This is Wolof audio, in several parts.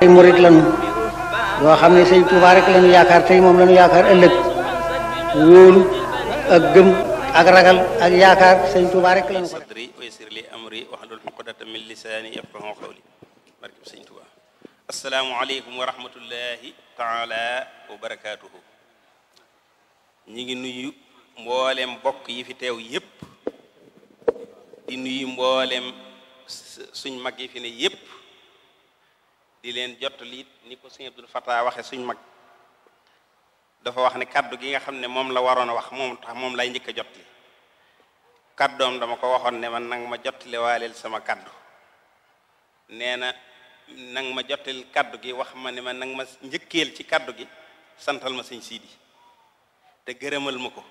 ay murit lañu yoo xam ne sëñ Tuubaa rek lañu yaakaar tey moom lañu yaakaar ëllëg wóolu ak gëm ak ragal ak yaakaar sëñ Tuubaa rek lañu ko sadri wa yassir li amri wahlul uqdatan min lisaani yafqahu qawli barke sëñ Tuubaa asalaamu aleykum wa rahmatullahi taala wa barakaatuhu ñi ngi nuyu mboolem mbokk yi fi teew yépp di nuyu mboolem suñ mag yi fi ne yépp di leen jot liit ni ko sëñ Abdul Fattah waxe suñ mag dafa wax ne kaddu gi nga xam ne moom la waroon a wax moom tax moom lay njëkk jot li kaddoom dama ko waxoon ne man nang ma jottali waaleel sama kaddu nee na nang ma jottali kaddu gi wax ma ne ma nang ma njëkkeel ci kaddu gi santal ma sëñ Siidi te gërëmal ma ko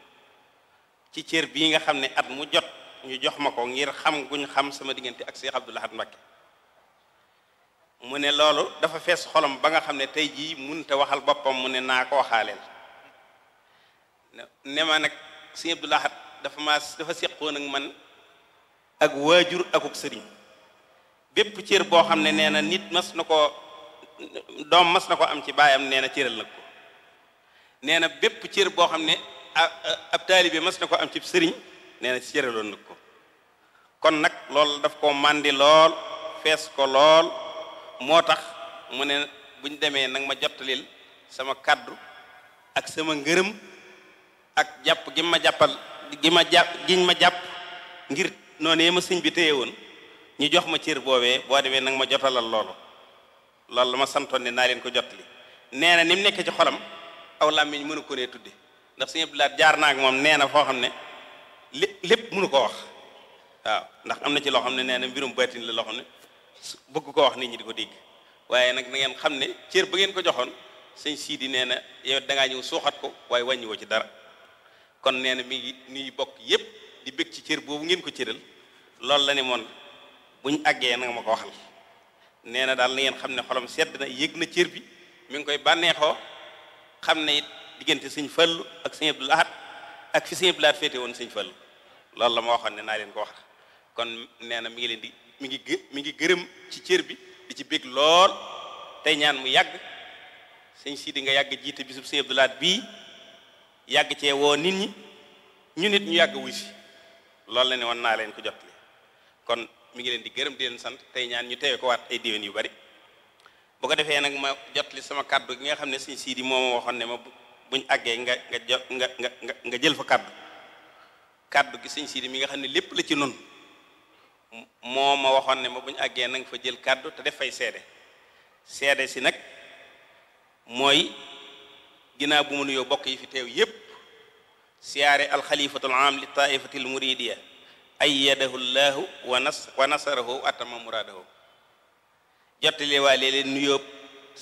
ci cër bii nga xam ne at mu jot ñu jox ma ko ngir xam guñ xam sama diggante ak Cheikh Abdoul Ahad Mbacké mu ne loolu dafa fees xolam ba nga xam ne tey jii munta waxal boppam mu ne naa ko waxaaleel ne ma nag sëñ Abdou Lahad dafa ma dafa seqoon nag man ak waajur akuk sëriñ bépp cër boo xam ne nee na nit mas na ko doom mas na ko am ci baayam nee na cëral nag ko nee na bépp cër boo xam ne ab taalibe mas na ko am ci sëriñ nee na cëraloon nag ko kon nag loolu daf ko màndi lool fees ko lool moo tax mu ne bu ñu demee nag ma jottalil sama kaddu ak sama ngërëm ak jàpp gi ma jàppal gi ma jàpp giñ ma jàpp ngir noonee ma sëñ bi teye woon ñu jox ma cër boobee boo demee nag ma jotalal loolu loolu la ma santoon ne naa leen ko jottali nee na ni mu nekk ci xolam aw làmmiñ mënu ko nee tudde ndax sëñ Abdou jaar naa moom nee na foo xam ne lépp lépp mënu ko wax waaw ndax am na ci loo xam ne nee na mbirum baatin la loo xam ne bëgg ko wax nit ñi di ko dégg waaye nag na ngeen xam ne cër ba ngeen ko joxoon sëñ siidi nee na yow dangaa ñëw suuxat ko waaye wàññiwoo ci dara kon nee na mi ngi bokk yépp di bëgg ci cër boobu ngeen ko cëral loolu la ne moon buñ àggee nanga ma ko waxal nee na daal na ngeen xam ne xolam sedd na yëg na cër bi mi ngi koy bànneexoo xam ne it diggante sëñ Fallu ak sëñ Abdul Ahad ak fi sëñ Abdul woon sëñ Fallu loolu la ma waxoon ne naa leen ko wax kon nee na mi ngi leen di mi ngi gë mi ngi gërëm ci cër bi di ci bég lool tey ñaan mu yàgg sëñ Sidi nga yàgg jiite bisub sëñ Abdou Lahad bii yàgg cee woo nit ñi ñu nit ñu yàgg wuy si loolu la ne woon naa leen ko jot kon mi ngi leen di gërëm di leen sant tey ñaan ñu teewe ko waat ay déwén yu bari bu ko defee nag ma jot li sama kàddu gi nga xam ne sëñ Sidi moom ma waxoon ne ma buñ àggee nga nga jot nga nga nga jël fa kaddu kaddu gi sëñ Sidi mi nga xam ne lépp la ci noonu moo ma waxoon ma bu ñu àggee na fa jël kàddu te def fay seede seede si nag mooy ginnaaw bu mu nuyoo bokk yi fi teew yépp siyaare alxalifatul am li taifatil muridiya ayyadahu llahu wa nas wa nasarahu atama muraadahu jottali waa léeg nuyoo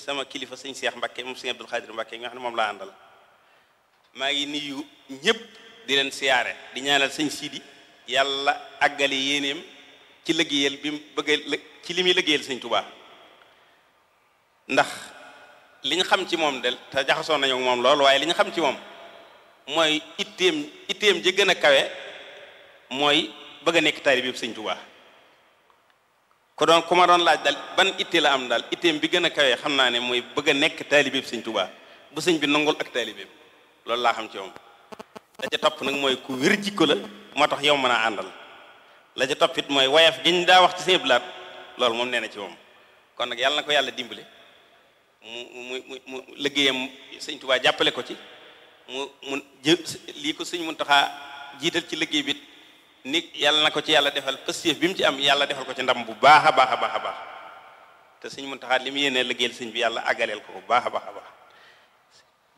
sama kilifa sëñ Seex Mbakke moom sëñ Abdul Xaadir Mbakke nga xam ne moom laa àndal maa ngi nuyu ñëpp di leen siyaare di ñaanal sëñ Sidi yàlla àggale yéeneem ci liggéeyal bi mu bëgg ci li muy liggéeyal sëñ Tuubaa ndax li ñu xam ci moom del te jaxasoo nañu moom lool waaye li ñu xam ci moom mooy itteem itteem ji gën a kawe mooy bëgg a nekk taalibe bi sëñ Tuubaa ku doon ku ma doon laaj daal ban itte la am daal itteem bi gën a kawe xam naa ne mooy bëgg a nekk taalibe bi sëñ Tuubaa bu sëñ bi nangul ak taalibeem loolu laa xam ci moom da topp nag mooy ku wér jikko la moo tax yow mën a àndal la ca toppit mooy woyof giñ daa wax ci seen blaat loolu moom nee na ci moom kon nag yàlla na ko yàlla dimbale mu mu mu mu liggéeyam sëñ Tuubaa jàppale ko ci mu mun mu lii ko sëñ Muntaxaa jiital ci liggéey bit ni yàlla na ko ci yàlla defal pëstéef bi mu ci am yàlla defal ko ci ndam bu baax a baax a baax a baax te sëñ Muntaxaa li mu yéene liggéeyal sëñ bi yàlla àggaleel ko bu baax a baax a baax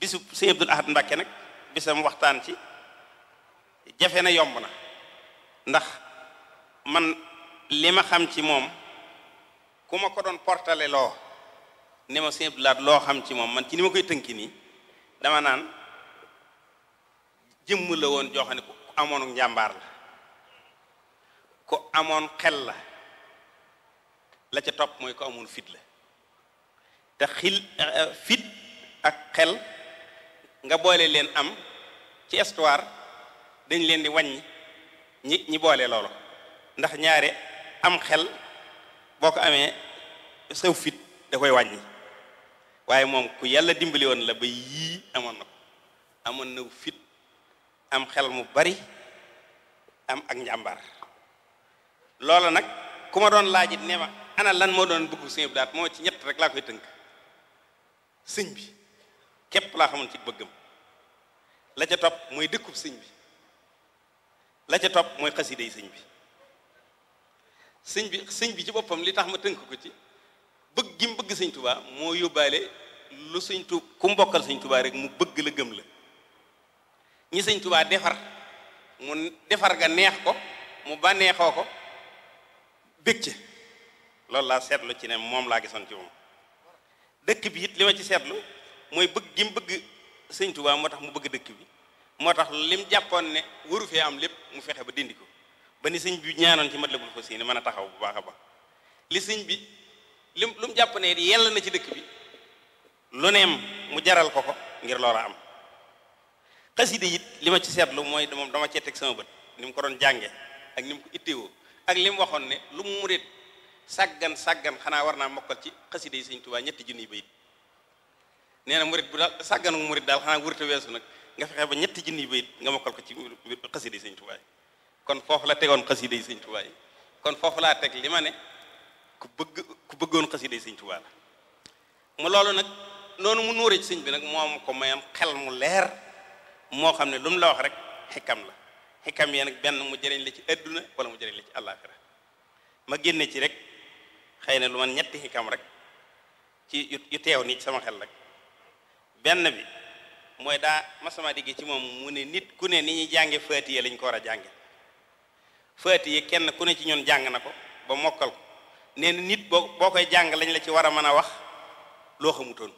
bisu sëñ Mbàkke nag bisam waxtaan ci jafe na yomb na ndax man li ma xam ci moom ku ma ko doon portale loo ne ma sëñ loo xam ci moom man ci ni ma koy tënki nii dama naan jëmm la woon joxane xam ne ku amoon njàmbaar la ku amoon xel la la ca topp mooy ko amoon fit la te xil euh, fit ak xel nga boole leen am ci histoire dañ leen di wàññi ñi ñi boole loolu ndax ñaare am xel boo ko amee saw fit da koy wàññi waaye moom ku yàlla dimbali woon la ba yii amoon na ko amoon na fit am xel mu bari am ak njàmbaar loola nag ku ma doon laajit ne ma ana lan moo doon bëgg sëñ Abdou Lahad moo ci ñett rek laa koy tënk sëñ bi képp laa xamoon ci bëggam la ca topp mooy dëkkub sëñ bi la ca topp mooy xasida yi sëñ bi sëñ bi sëñ bi ci boppam li tax ma tënk ko ci bëgg gi bëgg sëñ moo yóbbaale lu sëñtu tu ku mbokkal sëñ rek mu bëgg la gëm la ñi sëñ defar mu defar ga neex ko mu bànneexoo ko bëgg ci loolu laa seetlu ci ne moom laa gisoon ci moom dëkk bi it li ma ci seetlu mooy bëgg gi mu bëgg sëñ moo tax mu bëgg dëkk bi moo tax lim jàppoon ne waru fee am lépp mu fexe ba dindi ko ba ni sëñ bi ñaanoon ci matlabul fawzayni mën a taxaw bu baax a baax li sëñ bi lim lu mu jàpp ne yell na ci dëkk bi lu neem mu jaral ko ko ngir loola am xaside it li ma ci seetlu mooy moom dama cee teg sama bët ni mu ko doon jànge ak ni ko itteewoo ak li mu waxoon ne lu mu murit sàggan sàggan xanaa war naa mokkal ci xaside yi sëñ Tuubaa ñetti junniy bayit nee na murit bu daal sàgganu murit daal xanaa weesu nag nga fexe ba ñetti junniy bayit nga mokkal ko ci xaside yi sëñ Tuubaa kon foofu la tegoon xasida yi sëñ Tuubaa yi kon foofu laa teg li ma ne ku bëgg ku bëggoon xasida yi sëñ Tuubaa la mu loolu nag noonu mu nuuree ci sëñ bi nag moom ko mayam xel mu leer moo xam ne lu mu la wax rek xikam la xikam yee nag benn mu jëriñ la ci adduna wala mu jëriñ la ci àllaaxira ma génne ci rek xëy na lu man ñetti xikam rek ci yu teew nii ci sama xel rek benn bi mooy daa ma sama digg ci moom mu ne nit ku ne ni ñuy jànge faatiya lañ ko war a jànge fëti yi kenn ku ne ci ñun jàng na ko ba mokkal ko nee na nit boo boo koy jàng lañ la ci war a mën a wax loo xamutoon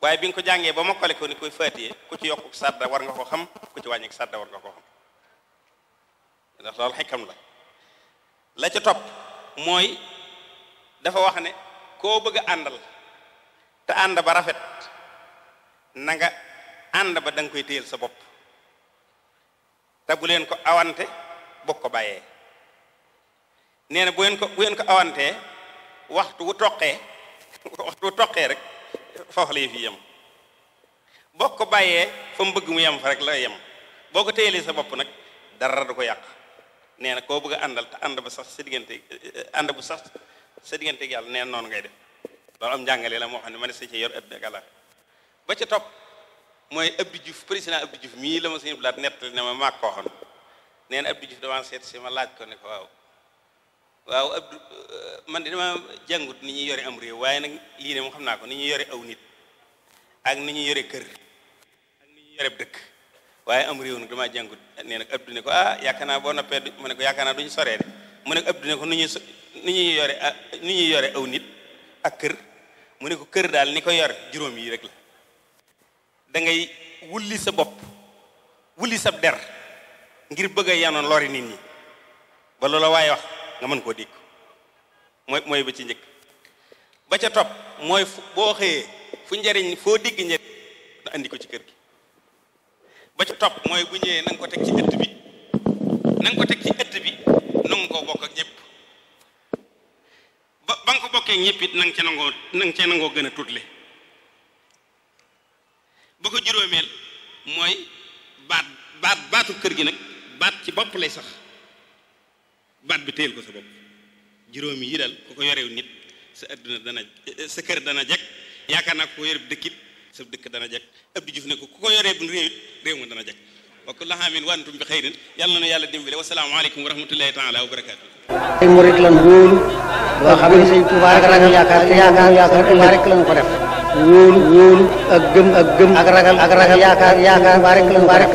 waaye bi nga ko jàngee ba mokkale ko ni koy fëti ku ci yokku sadda war nga ko xam ku ci wàññi sadda war nga ko xam ndax la la ca topp mooy dafa wax ne koo bëgg a àndal te ànd ba rafet nanga nga ànd ba da koy téyel sa bopp te bu leen ko awante bokk ko bàyyee nee na bu ngeen ko bu ngeen ko awantee waxtu wu toqee waxtu wu toqee rek foofu la yëf yi yem boo ko bàyyee fa bëgg mu yem rek la yem boo ko téyelee sa bopp nag dara du ko yàq nee na koo bëgg àndal te ànd sax sa diggante eh, ànd bu sax sa diggante yàlla nee noonu ngay def doo am njàngale la moo xam ne ma ne sa ci yor ëpp ak àlla ba ca topp mooy juf Diouf président Abdou juf mii la ma sëñ blaat nettali ne ma maag koo xam nee na Abdou Diouf damaa seet si ma laaj ko ne ko waaw waaw ab eh, man de dama jàngut ni ñuy yore am réew waaye nag lii ne moom xam naa ko ni ñuy yore aw nit ak ni ñuy yore kër ak ni ñuy yore dëkk waaye am réew nag dama jàngut nee nag abdu ne ko ah yaakaar naa boo noppee mu ne ko yaakaar naa duñu soree de mu ne ko abdu ne ko nu ñuy nu ñuy yore ah, nu ñuy yore aw nit ak kër mu ne ko kër daal ni ko yore juróom yi rek la da wulli sa bopp wulli sa der ngir bëgg a yanoon lori nit ñi ba loola waaye wax nga mën koo dégg mooy mooy ba ci njëkk ba ca topp mooy boo xëyee fu njariñ foo digg njariñ na andi ko ci kër gi ba ca topp mooy bu ñëwee na ko teg ci ëtt bi na ko teg ci bi nangu koo bokk ak ba ba ko bokkee ñëpp it na cee nangoo na nga nangoo gën a tutle ba ko juróomeel mooy baat baat baatu kër gi nag baat ci bopp lay sax baat bi téyel ko sa bopp juróomi yi daal ko ko yorew nit sa adduna dana sa kër dana jag yaakaar naa ko ko yoreb dëkkit sa dëkk dana jag Abdou Diouf ko ku ko yoree bu réew it réew dana jag wa kullu aamin wa antum bi xayrin yàlla na yàlla dimbale wasalaamaaleykum wa rahmatullahi taala wa barakaatu ay murit lan wóolu yoo xam ne sëñ Tuubaa rek lañu yaakaar yaakaar yaakaar ko def wóolu wóolu ak gëm ak gëm